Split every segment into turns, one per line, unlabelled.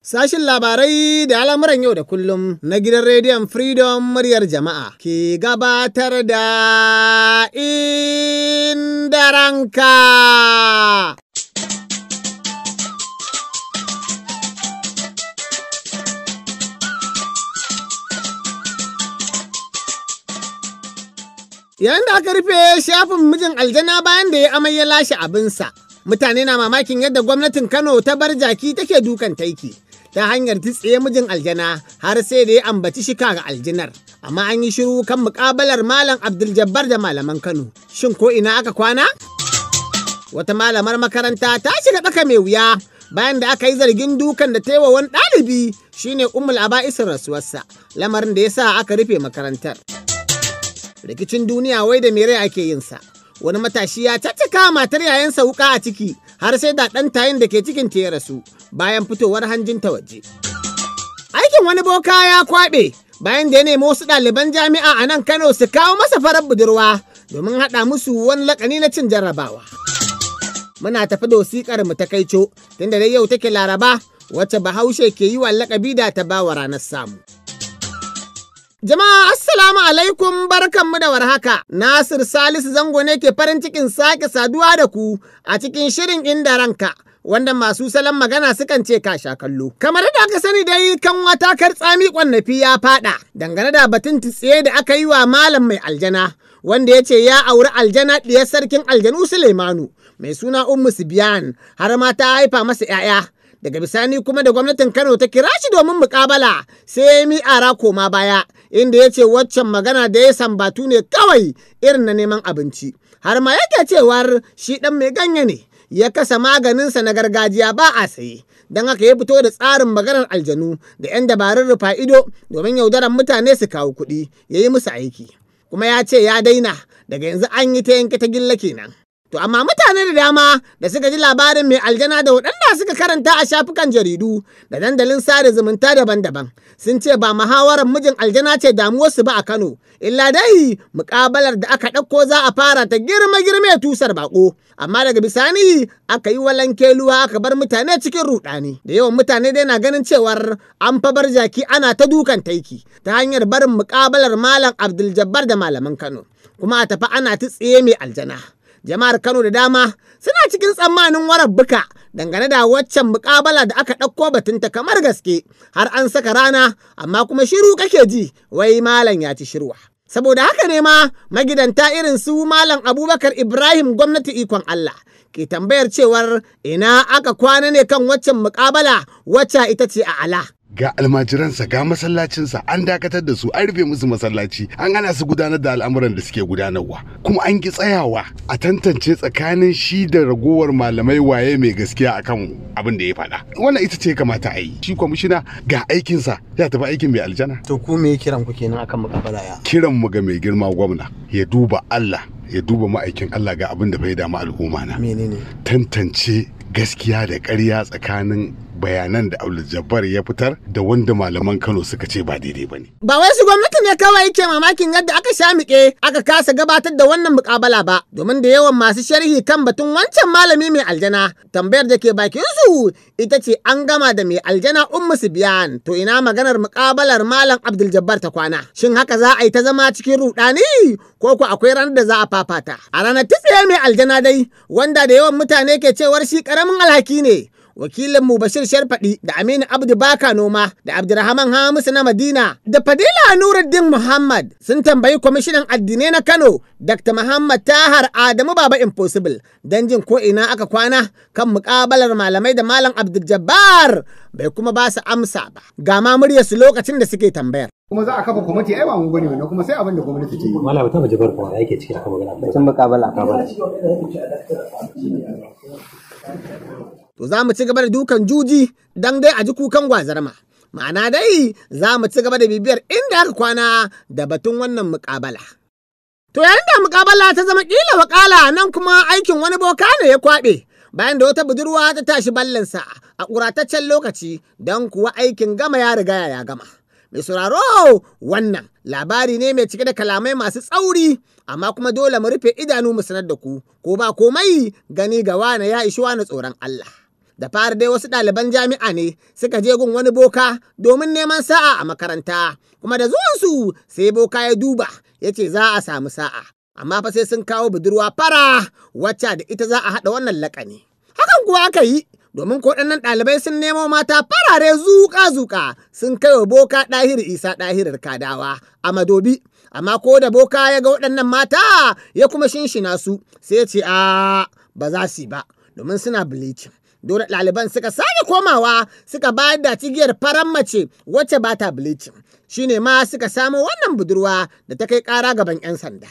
Sashin labarai da al'amuran yau da kullum na gidan rediyon Freedom muryar jama'a ke gabatar da inda ranka. Yayin da aka rufe shafin mijin aljana bayan da ya amai ya lashe abinsa, mutane na mamakin yadda gwamnatin Kano ta bar jaki take dukan taiki. ta hanyar tsaye mijin aljana har sai da ya ambaci shika ga aljinar. Amma an yi shiru kan muƙabalar Malam Abdul da malaman Kano. Shin ko ina aka kwana? Wata malamar makaranta ta shiga tsaka mai wuya bayan da aka yi zargin dukan da ta yi wa wani ɗalibi shine umul aba'isin rasuwarsa lamarin da ya sa aka rufe makarantar rikicin duniya wai da mere ake yin sa wani matashi ya caccaka matar yayansa wuka a ciki har sai da ɗan tayin da ke cikin ta ya rasu bayan fitowar hanjin ta waje. Aikin wani boka ya kwaɓe bayan da ya nemi wasu ɗaliban jami'a a nan Kano su kawo masa farar budurwa domin haɗa musu wani laƙani na cin jarrabawa. Muna tafi da wasiƙar mu ta kaico tunda dai yau take Laraba wacce Bahaushe ke yi wa laƙabi da ta bawa ranar samu. Jama'a assalamu alaikum barkanmu da warhaka. Nasir Salisu zango ne ke farin cikin sake saduwa da ku a cikin shirin inda ranka wanda masu salon magana sukan ce ka sha kallo. Kamar da aka sani dai kan wata kar tsami kwannafi ya faɗa dangane da batun tsaye da aka yi wa malam mai aljana. wanda ya ce ya auri aljana ɗiyar sarkin aljanu Suleimanu mai suna Ummu Sibiyan har ma ta haifa masa 'ya'ya. Daga bisani kuma da gwamnatin Kano ta kira shi domin muƙabala, sai ya mi'ara koma baya inda ya ce waccan magana da ya sambatu ne kawai irin na neman abinci. Har ma yake cewar shi ɗan mai ganye ne. ya kasa maganinsa na gargajiya ba a saye don haka ya fito da tsarin maganar aljanu da 'yan dabarun rufa ido domin yaudaran mutane su kawo kuɗi ya yi musu aiki kuma ya ce ya daina daga yanzu an yi ta yanke ta gilla kenan To amma mutane da dama da suka ji labarin mai aljana da waɗanda suka karanta a shafukan jaridu da dandalin sada zumunta daban-daban sun ce ba muhawarar mijin aljana ce damuwarsu ba a Kano. Illa dai muƙabalar da aka ɗauko za a fara ta girma girma tusar bako. Amma daga bisani aka yi walanke luwa aka bar mutane cikin ruɗani. Da yawan mutane dai na ganin cewar an fa bar jaki ana ta dukan taiki ta hanyar barin muƙabalar Malam Abdul Jabbar da malaman Kano. Kuma a tafi ana ta tsaye mai aljana. jama'ar kano da dama suna cikin tsammanin warabbuka dangane da waccan mukabala da aka ɗauko batunta kamar gaske har an saka rana amma kuma shiru kake ji wai malam ya ci shirwa saboda haka ne ma magidanta irin su malam abubakar ibrahim gwamnati ikon allah ke tambayar cewar ina aka kwana ne kan waccan mukabala wacce ita ce a ala ga almajiransa ga masallacinsa an dakatar da su an rufe musu masallaci an ana su gudanar da al'amuran da suke gudanarwa kuma an ki tsayawa a tantance tsakanin shi da ragowar malamai waye mai gaskiya akan abin da ya faɗa wannan ita ce kamata a yi shi kwamishina ga aikinsa ya tafi aikin mai aljana to ku me kiran ku kenan akan mukabala ya kiran mu ga mai girma gwamna ya duba Allah ya duba ma'aikin Allah ga abin da bai dama al'umma na menene tantance gaskiya da ƙarya tsakanin bayanan da Abdul Jabbar ya fitar da wanda malaman Kano suka ce ba daidai ba ne. Ba wai su gwamnati ne kawai yake mamakin yadda aka sha miƙe aka kasa gabatar da wannan mukabala ba domin da yawan masu sharhi kan batun wancan malami mai aljana tambayar da ke bakin su ita ce an gama da mai aljana Ummu Sibiyan to ina maganar mukabalar malam Abdul Jabbar ta kwana shin haka za a yi ta zama cikin rudani ko ko akwai ranar da za a fafata a ranar tsaye mai aljana dai wanda da yawan mutane ke cewar shi karamin alhaki ne wakilin mu Bashir Sharfadi da Aminu Abdu Baka Noma da Abdurrahman Hamisu na Madina da Fadila Nuruddin Muhammad sun tambayi kwamishinan addinai na Kano Dr. Muhammad Tahar Adamu Baba Impossible don jin ko ina aka kwana kan muƙabalar malamai da Malam Abdul Jabbar bai kuma ba su amsa ba ga ma su lokacin da suke tambayar. kuma za a kafa kwamiti ai ba mu gani wannan kuma sai abin da gwamnati ta yi ta baje barko yake cikin aka magana bacin mukabala kabala to za mu ci gaba da dukan juji dan dai a ji kukan gwazarma. Ma'ana dai za mu ci gaba da bibiyar inda aka kwana da batun wannan mukabala. To yayin da mukabala ta zama ƙila wakala nan kuma aikin wani boka ne ya kwaɓe. Bayan da wata budurwa ta tashi ballansa a ƙurataccen lokaci don kuwa aikin gama ya riga ya gama. Mai sauraro wannan labari ne mai cike da kalamai masu tsauri amma kuma dole mu rufe idanu mu sanar da ku ko ba komai gani ga wane ya ishi wane tsoron Allah. Da fara dai wasu ɗaliban jami'a ne suka je gun wani boka domin neman sa'a a makaranta, kuma da zuwansu sai boka ya duba ya ce za a samu sa'a. Amma fa sai sun kawo budurwa fara wacce da ita za a haɗa wannan laƙani. Hakan kuwa aka yi domin ko ɗannan ɗalibai sun nemo mata farare zuƙa-zuƙa sun kai wa boka ɗahiri isa ɗahirar kadawa a madobi. Amma ko da boka ya ga waɗannan mata ya kuma shinshina su sai ya ce a ba za su yi ba domin suna bilicin. dole ɗaliban suka sake komawa suka bayar da cigiyar faran mace wacce ba ta bleaching shine ma suka samo wannan budurwa da ta kai ƙara gaban 'yan sanda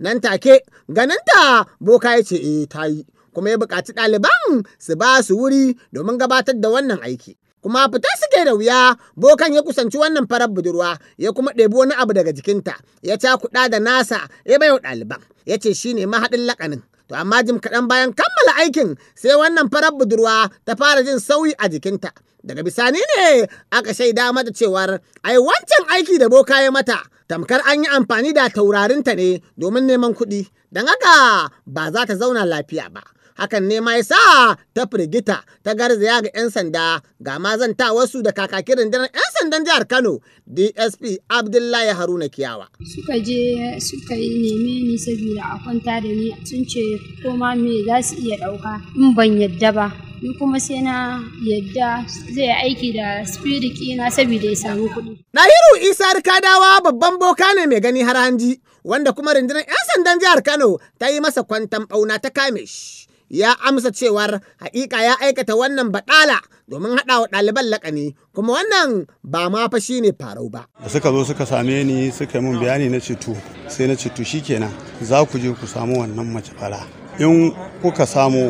nan take ganinta boka ya ce eh ta yi kuma ya buƙaci ɗaliban su ba su wuri domin gabatar da wannan aiki kuma fita suke da wuya bokan ya kusanci wannan farar budurwa ya kuma ɗebi wani abu daga jikinta ya cakuɗa da nasa ya wa ɗaliban ya ce shine mahaɗin laƙanin. To amma jim kaɗan bayan kammala aikin sai wannan farar budurwa ta fara jin sauyi a jikinta. Daga bisani ne aka shaida mata cewar ai wancan aiki da boka ya mata tamkar an yi amfani da taurarinta ne domin neman kuɗi don haka ba za ta zauna lafiya ba hakan ne ma yasa ta firgita ta garzaya ga 'yan sanda ga mazanta wasu da kakakin rundunar 'yan sandan jihar kano dsp abdullahi haruna kiyawa suka
je suka yi neme ni saboda a kwanta da ni sun ce koma me za su iya ɗauka
in ban yadda
ba ni kuma sai na yadda zai aiki da spirit ina saboda ya samu kuɗi.
Nahiru isar kadawa babban boka ne mai gani har hanji wanda kuma rundunar 'yan sandan jihar Kano ta yi masa kwantan ɓauna ta kame shi. Ya amsa cewar haƙiƙa ya aikata wannan baɗala domin haɗa wa ɗaliban laƙani kuma wannan ba ma fa shi ne farau ba. Da suka zo suka same ni suka yi min bayani na ceto sai na ceto kenan za ku je ku samu wannan mace fara in kuka samu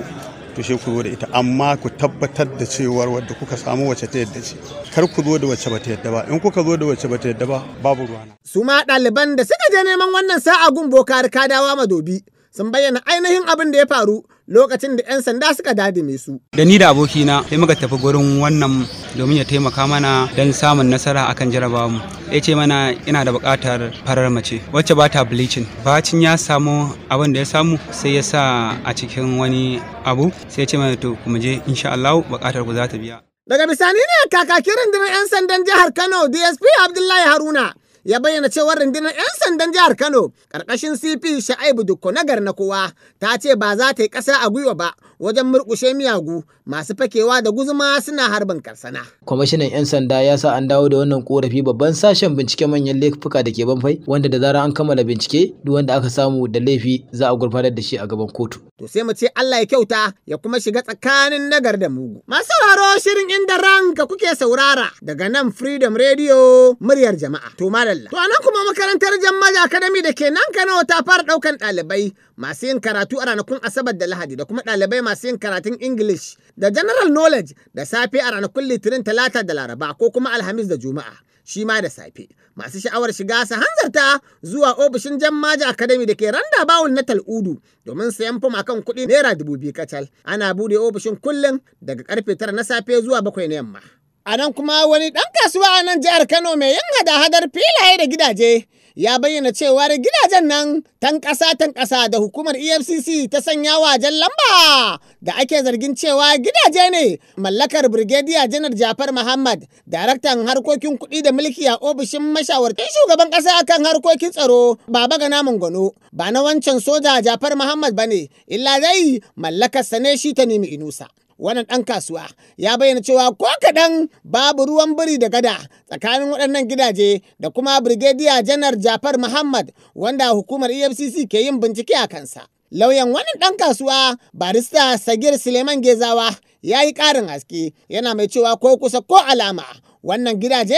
to shi ku zo da ita amma ku tabbatar da cewar wadda kuka samu wacce ta yadda ce kar ku zo da wacce ta yadda ba in kuka zo da wacce ta yadda ba babu ruwana. su ma ɗaliban da suka je neman wannan sa'a gun bokar kadawa madobi sun bayyana ainihin abin da ya faru lokacin da 'yan sanda suka dadime su. Da ni da abokina sai muka tafi gurin wannan domin ya taimaka mana don samun nasara akan jarabawa mu. Ya ce mana ina da buƙatar farar mace wacce ba ta bleaching. Bacin ya samu abin da ya samu sai ya sa a cikin wani abu sai ya ce mana to mu je insha Allah buƙatar ku za ta biya. Daga bisani ne kakakin rundunar 'yan sandan jihar Kano DSP Abdullahi Haruna ya bayyana cewar rundunar 'yan sandan jihar Kano ƙarƙashin CP Sha'ibu Dukko na kowa ta ce ba za ta yi ƙasa a gwiwa ba wajen murƙushe miyagu masu fakewa da guzuma suna harbin karsana. Kwamishinan 'yan sanda ya sa an dawo da wannan korafi babban sashen bincike manyan laifuka da ke banfai wanda da zarar an kammala bincike duk wanda aka samu da laifi za a gurfanar da shi a gaban kotu. To sai mu ce Allah ya kyauta ya kuma shiga tsakanin nagar da mugu. Masu sauraro shirin inda ranka kuke saurara daga nan Freedom Radio muryar jama'a. To madalla. To anan kuma makarantar Jammaja Academy da ke nan Kano ta fara ɗaukan ɗalibai masu yin karatu a ranakun Asabar da Lahadi da kuma ɗalibai masu yin karatun English da General Knowledge da safe a ranakun Litinin Talata da Laraba ko kuma Alhamis da Juma'a. Shi ma da safe, masu sha'awar shiga su hanzarta zuwa ofishin Jammaji Academy da ke randa bawul na Tal'udu domin sayan fim akan kuɗi naira dubu biyu kacal. Ana buɗe ofishin kullum daga karfe tara na safe zuwa bakwai na yamma. A nan kuma wani ɗan kasuwa a nan jihar Kano mai yin hada-hadar filaye da gidaje ya bayyana da gidajen nan tan ƙasa tan ƙasa da hukumar efcc ta sanya wajen lamba da ake zargin cewa gidaje ne mallakar brigadier janar jafar muhammad daraktan harkokin kuɗi da mulki a ofishin mashawartan shugaban ƙasa akan harkokin tsaro baba ga gana gwano, ba na wancan soja jafar muhammad ba ne illa dai mallakarsa ne shi ta nemi inusa wannan ɗan kasuwa ya bayyana cewa ko kaɗan babu ruwan biri da gada tsakanin waɗannan gidaje da kuma Birgediya janar Jafar Muhammad wanda hukumar EFCC ke yin bincike a kansa. Lauyan wannan ɗan kasuwa barista Sagir Suleiman Gezawa ya yi ƙarin haske yana mai cewa ko kusa ko alama wannan gidaje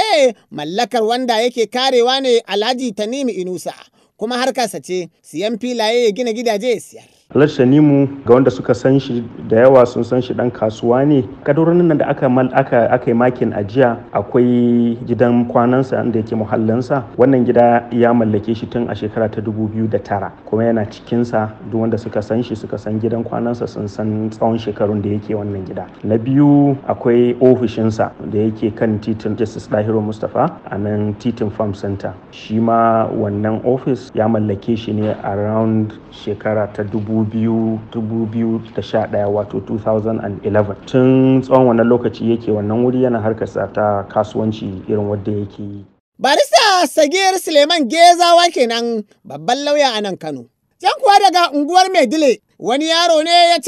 mallakar wanda yake karewa ne Alhaji Tanimu Inusa kuma harkarsa ce siyan filaye ya gina gidaje ya siyar.
Alhaji ga wanda suka san shi da yawa sun san shi dan kasuwa ne. Kadarorin nan da aka aka aka yi makin ajiya akwai gidan kwanansa inda yake muhallansa. Wannan gida ya mallake shi tun a shekara ta 2009 kuma yana cikinsa duk wanda suka san shi suka san gidan kwanansa sun san tsawon shekarun da yake wannan gida. Na biyu akwai ofishinsa da yake kan titin Justice dahiro Mustapha a nan titin Farm Center. Shi ma wannan ofis ya mallake shi ne around shekara ta dubu 2011 wato 2011 tun tsawon wannan lokaci yake wannan wuri yana harkarsa ta kasuwanci irin wadda yake yi
barista sagir suleiman gezawa kenan babban lauya a nan kano can kuwa daga unguwar maidile wani yaro ne ya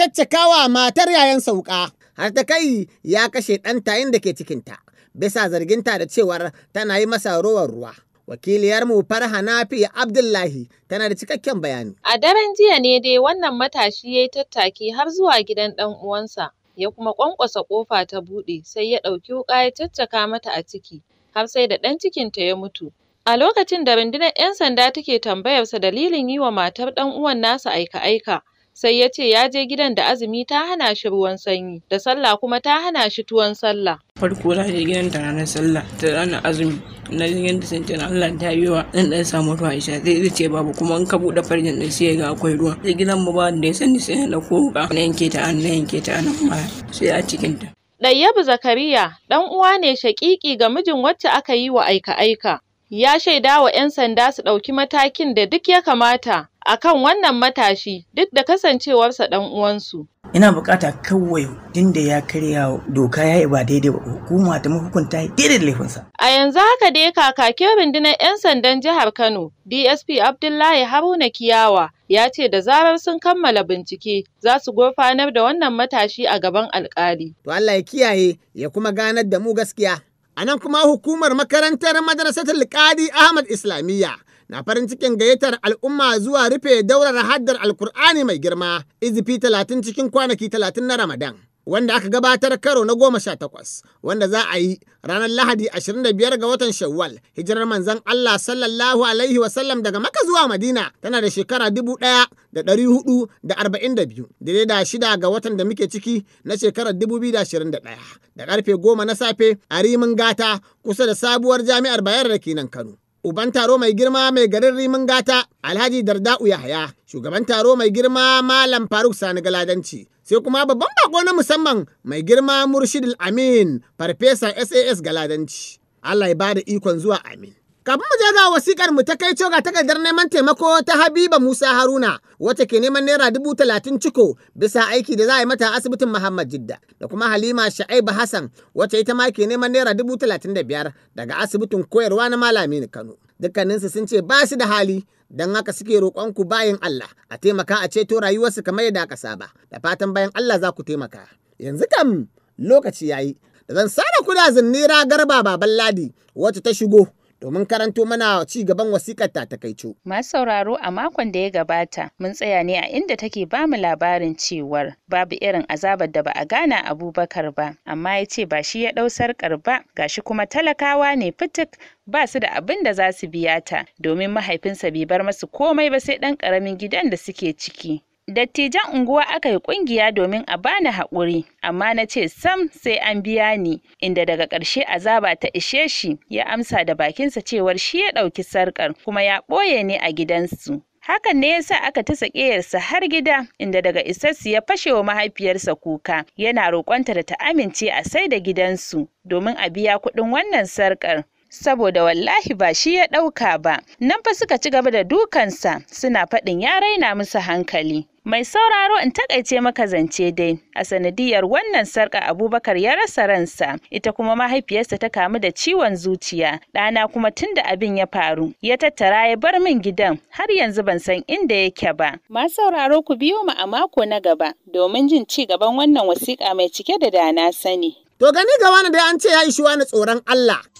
wa matar yayan sauka har ta kai ya kashe ɗanta inda da ke cikinta bisa zarginta da cewar tana yi masa rowar ruwa Wakiliyarmu Farha Nafi Abdullahi tana da cikakken bayani.
A daren jiya ne dai wannan matashi ya yi tattaki har zuwa gidan ɗan uwansa, ya kuma ƙwanƙwasa ƙofa ta buɗe sai ya ɗauki wuƙa ya caccaka mata a ciki, har sai da ɗan cikinta ya mutu. A lokacin da rundunar 'yan sanda take tambayarsa dalilin yi wa matar ɗan uwan nasa aika-aika, sai ya ce ya je gidan da azumi ta hana shi ruwan sanyi da sallah kuma ta hana shi tuwon sallah
farko na je gidan da ranar sallah da ranar azumi na je gidan da sun Allah ta yi wa dan dan samu ruwa isha zai zai ce babu kuma in ka bude farjin da sai ga akwai ruwa sai gidan mu ba da ya sani sai na ko ka na yanke ta an na yanke ta an sai a cikin ta
Ɗayyabu Zakariya ɗan uwa ne shaƙiƙi ga mijin wacce aka yi wa aika-aika. Ya shaida wa ‘yan sanda su ɗauki matakin da duk ya kamata akan wannan matashi duk da kasancewarsa ɗan uwansu.
Ina bukata kawai da ya karya doka ya yi ba daidai ba hukuma ta mahukunta ya daidai da laifinsa.
A yanzu haka dai kakakin rundunar 'yan sandan jihar Kano DSP Abdullahi Haruna Kiyawa ya ce da zarar sun kammala bincike za su gurfanar
da wannan matashi a gaban alkali. To Allah ya kiyaye ya kuma ganar da mu gaskiya. A nan kuma hukumar makarantar madrasatul Qadi Ahmad Islamiyya na farin cikin gayyatar al'umma zuwa rufe daurar haddar alkur'ani mai girma izifi talatin cikin kwanaki talatin na ramadan wanda aka gabatar karo na goma sha takwas wanda za a yi ranar lahadi biyar ga watan shawwal hijirar manzan allah sallallahu alaihi wasallam daga maka zuwa madina tana da shekara dubu ɗaya da ɗari hudu da arba'in da biyu daidai da shida ga watan da muke ciki na shekarar dubu biyu da ashirin da ɗaya da karfe goma na safe a rimin gata kusa da sabuwar jami'ar bayar da kenan kano uban taro mai girma mai garin rimin gata alhaji darda'u yahaya shugaban taro mai girma malam faruk sani galadanci sai kuma babban bako na musamman mai girma murshid amin farfesa sas galadanci allah ya bada ikon zuwa amin Kafin mu je ga wasikar mu ta kai ga takardar neman taimako ta Habiba Musa Haruna wacce ke neman naira dubu talatin ciko bisa aiki da za a yi mata asibitin Muhammad Jidda da kuma Halima Sha'ibu Hassan wacce ita ma ke neman naira dubu talatin da biyar daga asibitin koyarwa na Malami Kano. Dukkaninsu sun ce ba su da hali don haka suke ku bayan Allah a taimaka a ceto rayuwarsu kamar yadda aka saba da fatan bayan Allah za ku taimaka. Yanzu kam lokaci yayi da zan sada kudazun nera garba baban ladi wacce ta shigo domin karanto mana ci gaban wasikar ta takaicu. Masu
sauraro a makon da ya gabata mun tsaya ne a inda take ba mu labarin cewar babu irin azabar da ba a gana Abubakar ba amma ya ce ba shi ya ɗau sarƙar ba gashi kuma talakawa ne fitik ba su da abin da za su biya ta domin mahaifinsa bai bar masu komai ba sai ɗan ƙaramin gidan da suke ciki. Dattijan unguwa aka yi ƙungiya domin a bani haƙuri, amma na ce sam sai an biya ni, inda daga ƙarshe azaba ta ishe shi, ya amsa da bakinsa cewar shi ya ɗauki sarƙar kuma ya ɓoye ni a gidansu. Hakan ne yasa aka ta saƙeyarsa har gida inda daga isassu ya fashe wa mahaifiyarsa kuka yana roƙonta da ta amince a sai da gidansu domin a biya kuɗin wannan sarƙar saboda wallahi ba shi ya ɗauka ba nan fa suka ci gaba da dukansa suna faɗin ya raina musu hankali mai sauraro in takaice maka zance dai a sanadiyar wannan sarka abubakar ya rasa ransa ita kuma mahaifiyarsa ta kamu da ciwon zuciya ɗana kuma tun da abin ya faru ya tattara ya bar min gidan har yanzu ban san inda yake ba ma sauraro ku biyo mu a mako na gaba domin jin ci gaban wannan wasiƙa mai cike da dana sani to gani gaba wani dai an ce ya ishi wani tsoron Allah